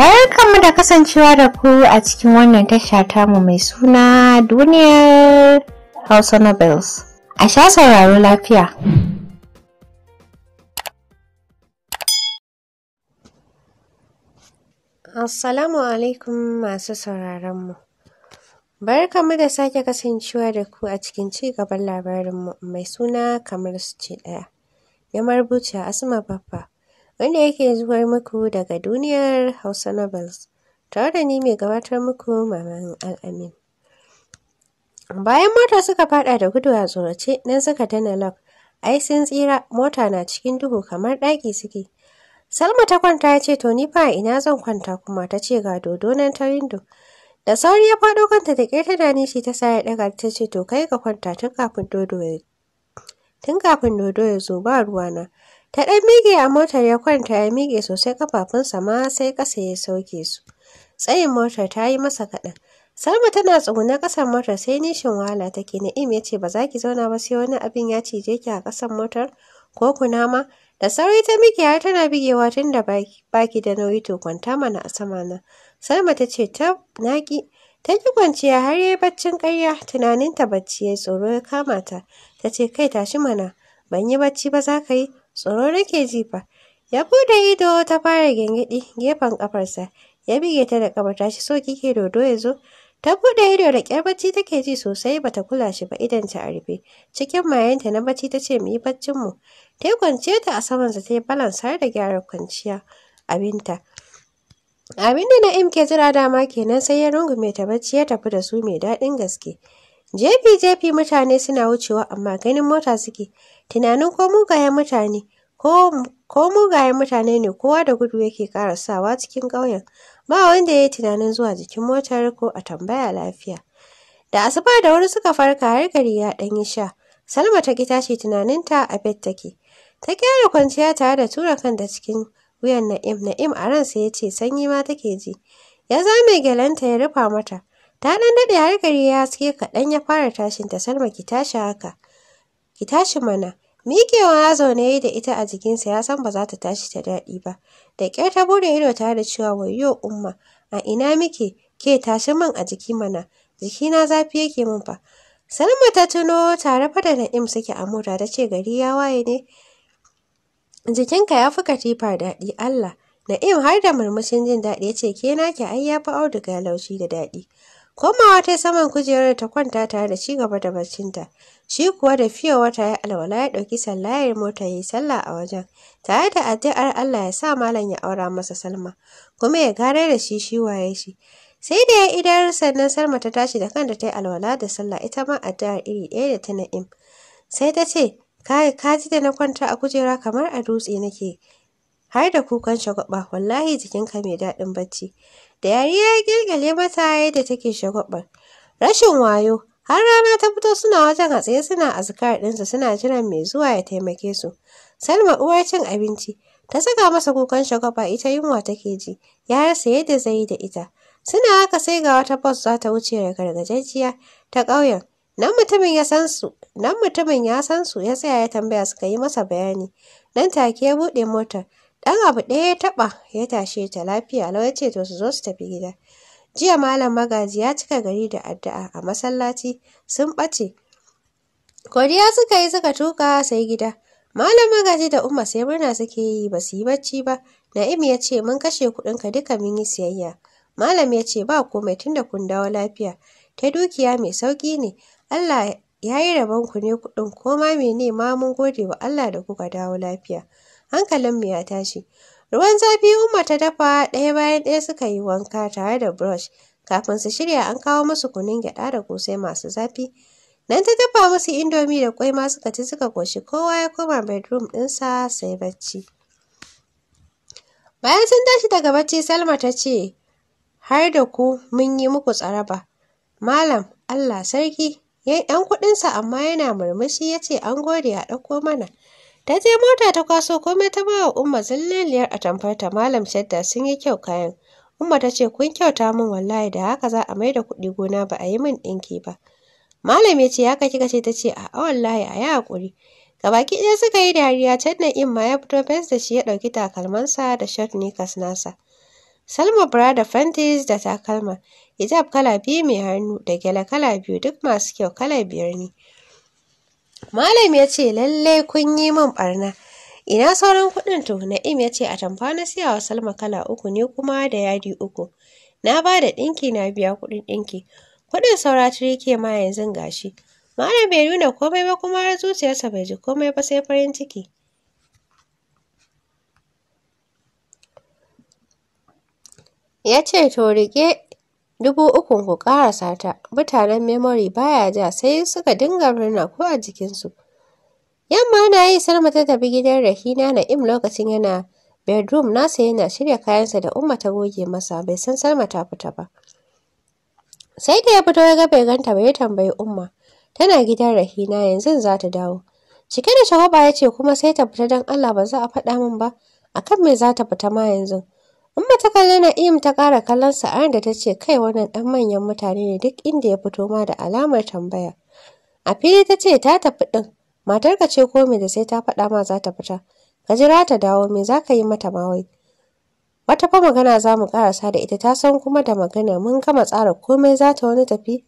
Barkanmu da kasancewa da ku a cikin wannan tasha tamu mai suna duniyar Hausa nobles A sha sauraro lafiya. Assalamu alaikum masu sauraronmu. Barkanmu da sake kasancewa da ku a cikin cigaban labarinmu mai suna kamar su ce ɗaya. Ya a Asma Baffa. wanda yake zuwa muku daga duniyar Hausa Novels. Tare da ni mai gabatar muku Maman Al'amin. Bayan mota suka fada da gudu a tsorace nan suka dana lock. Ai sun tsira mota na cikin duhu kamar ɗaki suke. Salma ta kwanta ya ce to ni fa ina zan kwanta kuma ta ce ga dodo nan ta rindo. Da sauri ya faɗo kanta da ƙyar da nishi ta sa ya ɗaga ta ce to kai ka kwanta tun kafin dodo ya zo ba ruwana Ta ɗan miƙe a motar ya kwanta ya miƙe sosai ƙafafunsa ma sai ƙasa ya sauke su. Tsayin motar ta yi masa kaɗan. Salma tana tsuguna ƙasan motar sai nishin wahala take Na'im ya ce ba za ki zauna ba sai wani abin ya cije ki a ƙasan motar ko kunama. Da sauri ta miƙe har tana bigewa tun da baki da nauyi to kwanta mana a sama na. Salma ta ce ta naƙi. Ta ki kwanciya har yayi baccin ƙarya tunaninta bacci ya tsoro ya kama ta. Ta ce kai tashi mana ban yi bacci ba za ka yi. tsoro nake ji Ya bude ido ta fara gyangyaɗi gefen ƙafarsa, ya bige ta da ƙafa ta shi so kike dodo ya zo. Ta bude ido da kyar bacci take ji sosai bata kula shi ba idan a rufe. Cikin mayanta na bacci ta ce mu yi baccin mu. Ta yi ta a saman ta yi balans har da gyara kwanciya abinta. Abinda da Na'im ke jira dama kenan sai ya rungume ta bacci ya tafi da su mai daɗin gaske. Jefi-jefi mutane suna wucewa amma ganin mota suke. Tunanin ko mugayen mutane ko mugayen mutane ne kowa da gudu yake sawa cikin ƙauyen. Ba wanda ya yi tunanin zuwa jikin motar ko a tambaya lafiya. Da asuba da wuri suka farka har gari ya ɗan yi sha. Salma ta ki tashi tunaninta a bed take. Ta kera kwanciya tare da tura kanta cikin wuyan Na'im. Na'im a ransa ya ce sanyi ma take ji. Ya zame gyalenta ya rufa mata. Ta ɗan daɗe har gari ya haske kaɗan ya fara tashinta Salma ki tashi haka. ki tashi mana miƙewa ya zaune yayi da ita a jikinsa ya san ba za ta tashi ta daɗi ba da ƙyar ta bude ido tare da cewa wayo umma a ina muke ke tashi man a jiki mana jikina zafi yake min fa Salma ta tuno tare fa da Na'im suke a mota ta ce gari ya waye ne jikinka ya fi katifa daɗi Allah Na'im har da murmushin jin daɗi ya ce ke ki ai ya fi auduga laushi da daɗi Komawa ta saman kujerar ta kwanta tare da ci gaba da barcinta. Shi kuwa da fiye wata ya alwala ya ɗauki sallayar mota ya yi sallah a wajen. Tare da addu'ar Allah ya sa malam ya aura masa Salma, kuma ya gare da shi shi waye shi. Sai da ya idar sannan Salma ta tashi da kanta ta yi alwala da sallah ita ma addu'ar iri ɗaya da ta na'im. Sai ta ce, kai ka ji da na kwanta a kujera kamar a dutse nake har da kukan shagwaba wallahi jikinka mai daɗin bacci da yariya ya ƙirƙale mata yadda take shagwabar. Rashin wayo, har rana ta fito suna wajen a tsaye suna azkar ɗinsu suna jiran mai zuwa ya taimake su. Salma uwar cin abinci, ta saka masa kukan shagwaba ita yunwa take ji, ya rasa yadda zai yi da ita. Suna haka sai ga wata bus za ta wuce da gargajiya ta ƙauyen. Nan mutumin ya san su, nan mutumin ya san su ya tsaya ya tambaya suka yi masa bayani. Nan take ya buɗe motar. Ɗan abu ɗaya ya taɓa ya tashe ta lafiya lau ya ce to su zo su tafi gida. Jiya Malam Magaji ya cika gari da addu'a a masallaci sun ɓace. Godiya suka yi suka tuka sai gida. Malam Magaji da Umma sai murna suke yi ba su yi bacci ba. Na'im ya ce mun kashe kuɗinka duka mun yi siyayya. Malam ya ce ba komai tunda kun dawo lafiya. Ta dukiya mai sauƙi ne. Allah ya yi rabonku ne kuɗin koma mene ma mun gode wa Allah da kuka dawo lafiya. hankalinmu ya tashi. Ruwan zafi Umma ta dafa ɗaya bayan ɗaya suka yi wanka tare da brush. Kafin su shirya an kawo musu kunun gyaɗa da kosai masu zafi. Nan ta dafa musu indomi da kwai ma suka ci suka koshi kowa ya koma bedroom ɗinsa sai bacci. Bayan sun tashi daga bacci Salma ta ce, Har da ku mun yi muku tsaraba. Malam, Allah sarki, ‘yan kuɗinsa amma yana murmushi ya ce an gode a ɗauko mana. ta je mota ta kwaso komai ta ba wa umma zillaliyar atamfarta, ta malam shadda sun yi kyau kayan umma ta ce kun kyauta min wallahi da haka za a mai da kuɗi gona ba a yi min ɗinki ba malam ya ce haka kika ce ta ce a wallahi a yi haƙuri gabaki ɗaya suka yi dariya can na in ma ya fito fes da shi ya ɗauki takalmansa da shirt nikas nasa salma Brada da fantis da takalma hijab kala biyu mai hannu da gyale kala biyu duk masu kyau kala biyar ne Malam ya ce lalle kun yi min barna. Ina sauran kuɗin to Na'im ya ce atamfa na siya wa Salma kala uku ne kuma da yadi uku. Na ba da ɗinki na biya kuɗin ɗinki. Kuɗin saura ke ma yanzu gashi. Malam bai nuna komai ba kuma har zuciyarsa bai ji komai ba sai farin ciki. Ya ce to rike dubu ukun ku ƙarasa ta mutanen memory baya ja sai suka dinga murna ko a jikinsu yamma na yi salma ta tafi gidan rahina na'im lokacin yana bedroom nasa yana shirya kayansa da umma ta goge masa bai san salma ta fita ba sai da ya fito ya ga bai ganta ba ya tambayi umma tana gidan rahina yanzu za ta dawo cike da shagwaba ya ce kuma sai ta fita don allah ba za a faɗa min ba akan me za ta fita ma yanzu Umma ta kalle Na'im ta ƙara kallon sa'ar da ta ce kai wannan ɗan manyan mutane ne duk inda ya fito ma da alamar tambaya. A fili ta ce ta tafi ɗin, matarka ce ko me da sai ta faɗa ma za ta fita. Ka jira ta dawo me za ka yi mata ma wai. Wata fa magana za mu ƙarasa da ita ta san kuma da magana mun gama tsara komai za ta wani tafi.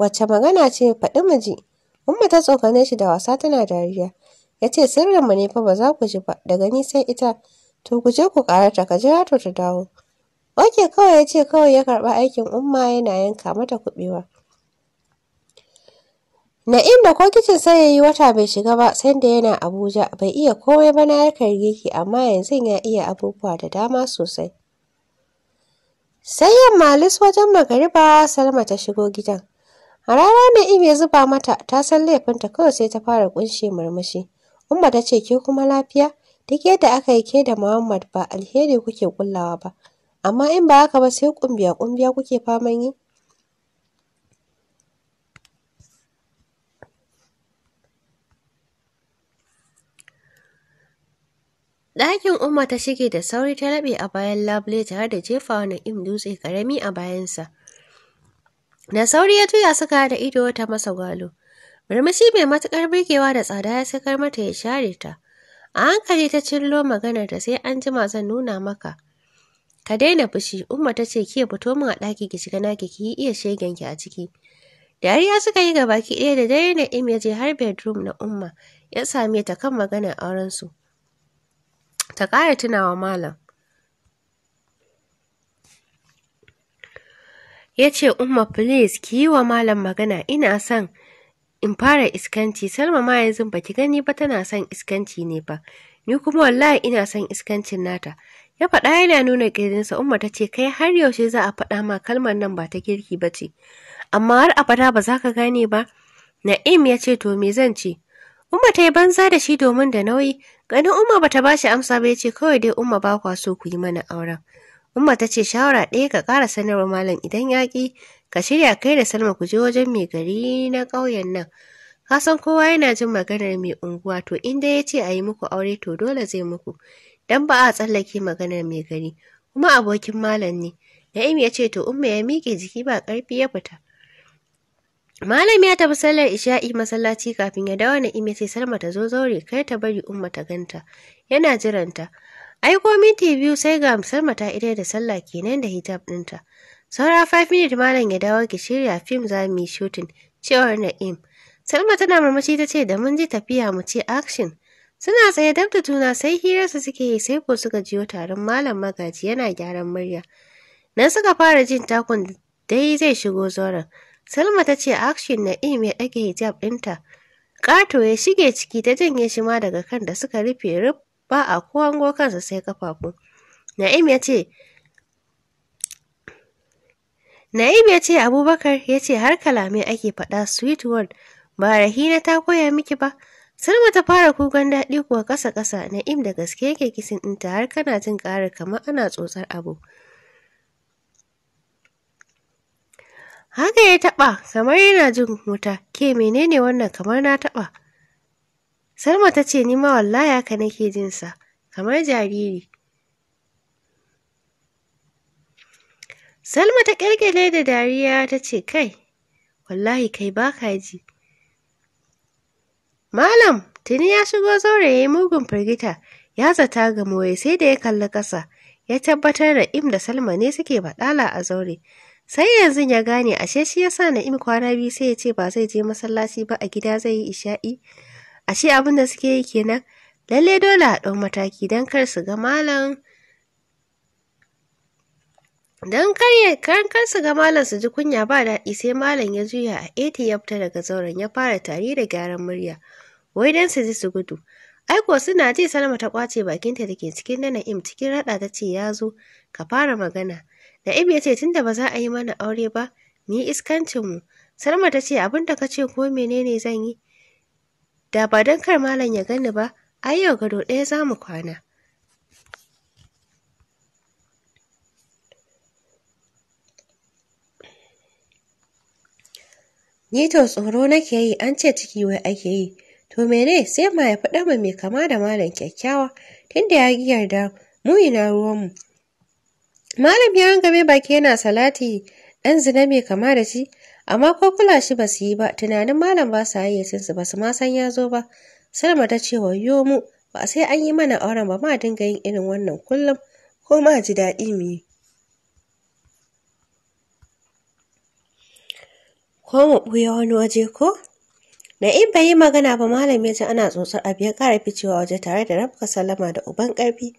Wacce magana ce faɗi mu ji. Umma ta tsokane shi da wasa tana dariya. Ya ce sirrinmu ne fa ba za ku ji ba daga ni sai ita. to ku je ku karata ka jira to ta dawo oke kawai ya ce kawai ya karɓa aikin umma yana yanka mata kuɓewa na'im da ko kicin sai ya yi wata bai shiga ba sanda yana abuja bai iya komai ba na harkar girki amma yanzu ya iya abubuwa da dama sosai sai yamma Malis wajen magariba salma ta shigo gidan a rana na'im ya zuba mata ta san laifinta kawai sai ta fara kunshe murmushi umma ta ce ke kuma lafiya Duk yadda aka yi ke da Muhammad ba alheri kuke ƙullawa ba, amma in ba haka ba sai ƙumbiya-ƙumbiya kuke faman yi. Ɗakin Umma ta shige da sauri ta laɓe a bayan labule tare da jefa jefawa Na'im dutse ƙarami a bayansa. Da sauri ya juya suka da ido ta masa gwalo. Murmushi mai matuƙar birkewa da tsada ya sakar mata ya share ta. A hankali ta cillo maganar da sai an jima zan nuna maka. Ka daina fushi, Umma ta ce kiya fito min a ɗaki ki shiga naki ki yi iya shegenki a ciki. Dariya suka yi gabaki ɗaya da dare Na'im ya je har bedroom na Umma ya same ta kan maganar aurensu. Ta ƙara tunawa malam. Ya ce, Umma, please, ki yi wa malam magana, ina son in fara iskanci salma ma yanzu baki gani ba tana son iskanci ne ba ni kuma wallahi ina son iskancin nata ya faɗa yana nuna ƙirinsa umma ta ce kai har yaushe za a faɗa ma kalmar nan ba ta kirki ba ce amma har abada ba za ka gane ba na'im ya ce to me zan ce umma ta yi banza da shi domin da nauyi ganin umma ba ta bashi amsa ba ya ce kawai dai umma ba kwa so ku yi mana auren umma ta ce shawara ɗaya ka ƙara sanarwa malam idan yaƙi. Ka shirya kai da Salma ku je wajen mai gari na ƙauyen nan. Ka san kowa yana jin maganar mai unguwa to in dai ya ce a yi muku aure to dole zai muku. Dan ba a tsallake maganar mai gari kuma abokin malam ne. Na'im ya ce to umma ya miƙe jiki ba ƙarfi ya fita. Malam ya tafi sallar isha'i masallaci kafin ya dawo Na'im ya ce Salma ta zo zaure kai ta bari umma ta ganta. Yana jiranta. Ai ko minti biyu sai ga Salma ta idai da sallah kenan da hijab ɗinta. Saura 5 minute malam ya dawo ki shirya fim za mu yi shooting, cewar Na'im. Salma tana murmushi ta ce da mun ji tafiya mu ce action. Suna tsaye dab da tuna sai hirarsa suke yi sai ko suka jiyo taron malam magaji yana gyaran murya. Nan suka fara jin takun dai zai shigo zoran. Salma ta ce action Na'im ya ɗage hijab ɗinta. Ƙato ya shige ciki ta janye shi ma daga kan da suka rufe rub ba a ko kansa sai kafafu. Na'im ya ce, Na'im ya ce Abubakar ya ce har kalamai ake faɗa sweet word ba Rahina ta koya miki ba. Salma ta fara kukan daɗi kuwa ƙasa-ƙasa Na'im da gaske yake kisin ɗinta har kana jin ƙara kamar ana tsotsar abu. Haka ya taɓa kamar yana jin wuta ke menene wannan kamar na taɓa. Salma ta ce ni ma wallahi haka nake jinsa kamar jariri. Salma ta ƙyalƙyale da dariya ta ce, Kai, wallahi kai ba ka ji. Malam, tuni ya shigo zaure ya yi mugun firgita, ya zata ga moye sai da ya kalli ƙasa, ya tabbatar da im da Salma ne suke baɗala a zaure. Sai yanzu ya gane ashe shi ya sa na im kwana biyu sai ya ce ba zai je masallaci ba a gida zai yi isha'i. Ashe abin da suke yi kenan, lalle dole a ɗau mataki don kar su ga malam Don kar su ga malam su ji kunya ba daɗi sai malam ya juya a eti ya fita daga zauren ya fara tari da gyaran murya. Wai dan su ji su gudu. Aiko suna ji Salma ta kwace bakinta da ke cikin Nana Na'im cikin raɗa ta ce ya zo ka fara magana. Na'im ya ce tunda ba za a yi mana aure ba ni iskancin mu Salma ta ce abin da ka ce ko menene zan yi? Da ba don kar malam ya gani ba, ai yau gado ɗaya za mu kwana. Ni to tsoro nake yi an ce ciki wai ake yi. To mene sai ma ya faɗa ma mai kama da malam kyakkyawa tunda ya ƙi yarda mu ina ruwanmu. Malam ya hangame baki yana salati ɗan zina mai kama da shi amma ko kula shi ba su yi ba tunanin malam ba su hayyacinsu ba su ma san ya zo ba. Salma ta ce wa mu ba sai an yi mana auren ba ma dinga yin irin wannan kullum ko ma ji daɗi mu yi. ko mu buya wani waje ko? Na'im bai yi magana ba malam ya ji ana tsotsar abu ya ƙara ficewa waje tare da rafka salama da uban ƙarfi.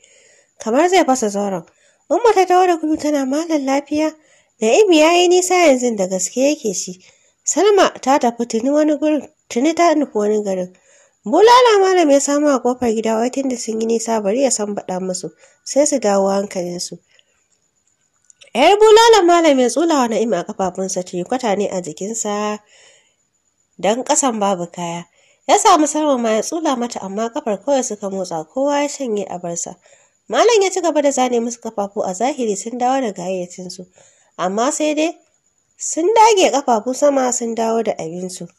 Kamar zai fasa zauren. Umma ta dawo da gudu tana malam lafiya. Na'im ya yi nisa yanzu da gaske yake shi. Salma ta tafi tuni wani gurin tuni ta nufi wani garin. Bulala malam ya samu a kofar gida wai tunda sun yi nisa bari ya san baɗa musu sai su dawo hankalinsu. yar bulalan malam ya tsulawa na'im a kafafunsa ce kwata ne a jikinsa don ƙasan babu kaya ya samu sarwa ma ya tsula mata amma kafar kawai suka motsa kowa ya shanye a barsa malam ya ci gaba da zane musu kafafu a zahiri sun dawo da gayyacinsu amma sai dai sun dage kafafu sama sun dawo da abinsu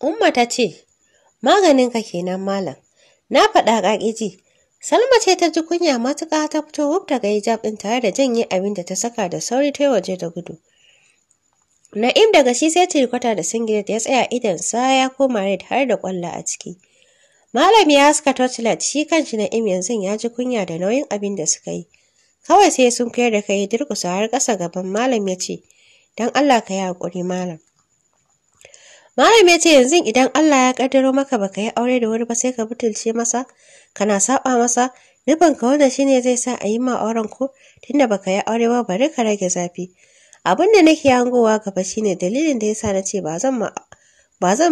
umma ta ce ka kenan malam na faɗa ƙaƙiji Salma ce ta ji kunya matuƙa ta fito wuf daga hijab ɗin tare da janye abin da ta saka da sauri ta waje da gudu. Na'im daga shi sai tirkwata da singlet ya tsaya idon, sa ya koma red har da ƙwallo a ciki. Malam ya haska torchlight shi kanshi Na'im yanzu ya ji kunya da nauyin abin da suka yi. Kawai sai sun koyar da kai durƙusa har ƙasa gaban malam ya ce, "Don Allah ka yi haƙuri malam." Malam ya ce yanzu idan Allah ya kaddaro maka baka yi aure da wuri ba sai ka butulce masa, kana saba masa, nufin ka wanda shine zai sa a yi ma auren ko tunda baka yi aure ba bari ka rage zafi. Abin da nake hangowa gaba shine dalilin da yasa na ce ba zan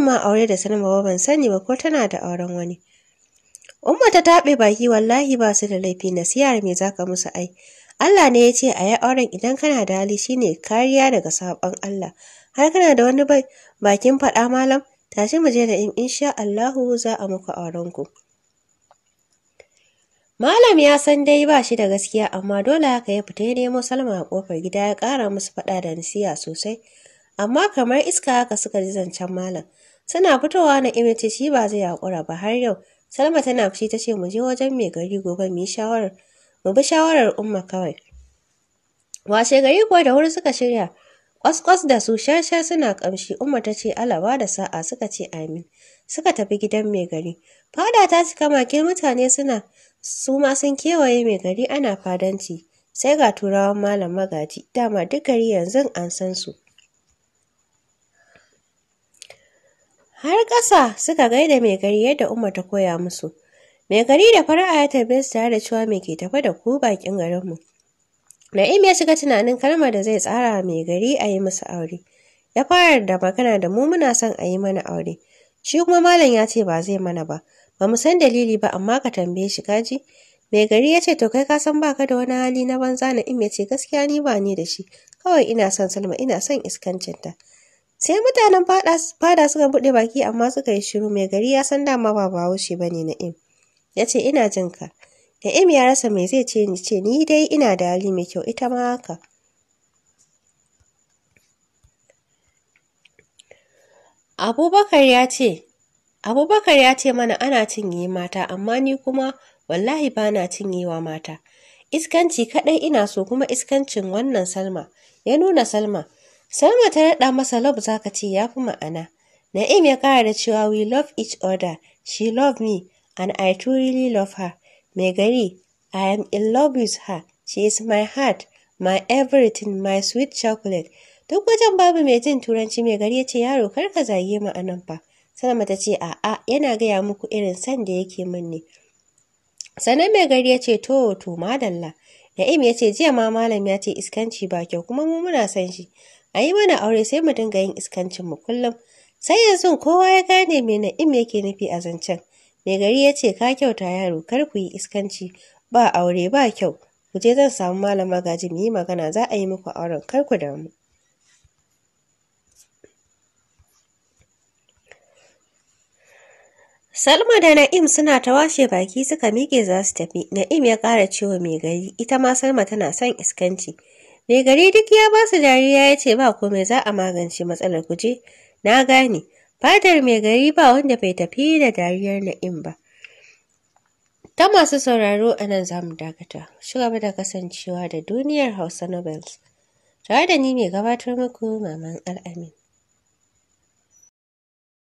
ma aure da sanin ba ban sani ba ko tana da auren wani. Umma ta taɓe baki wallahi ba su da laifi nasiyar me zaka musu ai. Allah ne ya ce a yi auren idan kana da hali shine kariya daga sabon Allah. har kana da wani bakin faɗa malam tashi mu je da in insha Allahu za a muku auren ku Malam ya san dai ba shi da gaskiya amma dole haka ya fita ya nemo Salma a kofar gida ya ƙara musu faɗa da nasiya sosai amma kamar iska haka suka ji zancen malam suna fitowa na imice shi ba zai haƙura ba har yau Salma tana fushi ta ce mu je wajen mai gari gobe mu yi shawarar mu bi shawarar umma kawai. Washe gari kuwa da wuri suka shirya ƙwas da su shasha suna ƙamshi, umar ta ce alaba da sa'a suka ce amin. Suka tafi gidan mai gari. Fada ta cika makin mutane suna su ma sun kewaye mai gari ana fadanci. Sai ga turawan malam magaji, dama duk gari yanzu an san su. Har ƙasa suka gaida mai gari yadda umar ta koya musu. Mai gari da fara'a ya tambaye su tare da cewa me ke tafa da ku bakin garin mu Na'im ya shiga tunanin kalmar da zai tsara mai gari a yi musu aure. Ya fara da magana da mu muna son a yi mana aure. Shi kuma malam ya ce ba zai mana ba. Ba mu san dalili ba amma ka tambaye shi kaji. Mai gari ya ce to kai ka san baka da wani hali na banza Na'im ya ce gaskiya ni ba ni da shi. Kawai ina son Salma ina son ta. Sai mutanen fada suka buɗe baki amma suka yi shiru mai gari ya san dama ba bahaushe ba ne Na'im. Ya ce ina ka. Na'im ya rasa me zai ce ni ce ni dai ina da hali mai kyau ita ma haka. Abubakar ya ce, mana ana cinye mata amma ni kuma wallahi ba na cinyewa mata. Iskanci kaɗai ina so kuma iskancin wannan Salma ya nuna Salma. Salma ta raɗa masa love zaka ce ya fi ma'ana. Na'im ya ƙara da cewa we love each other, she love me and I truly love her. Mai gari: I am in love with her, she is my heart, my everything, my sweet chocolate. Duk wajen babu mai jin Turanci. Mai gari ya ce, Yaro kar ka zage mu anan nan fa. Salma ta ce, A'a, yana gaya muku irin sanda da yake min ne. Sannan mai gari ya ce, To, to, madalla. Na'im ya ce, Jiya ma malam ya ce iskanci ba kyau, kuma mu muna san shi. A yi mana aure sai mu dinga yin iskancin mu kullum. Sai yanzu kowa ya gane me Na'im yake nufi a zancen. Mai gari ya ce ka kyauta yaro kar ku yi iskanci ba aure ba kyau ku je zan samu malam gaji mu yi magana za a yi muku auren kar ku damu. Salma da Na'im suna ta washe baki suka miƙe za su tafi. Na'im ya ƙara cewa mai gari, ita ma Salma tana son iskanci. Mai gari duk ya ba su dariya ya ce ba komai za a magance matsalar kuje. Na gane, Fadar mai gari ba wanda bai tafi da dariyar na'im ba. Ta masu sauraro a nan za mu dakata, shi gaba da kasancewa da duniyar Hausa Nobels. Tare da ni mai gabatar muku Maman Al'amin.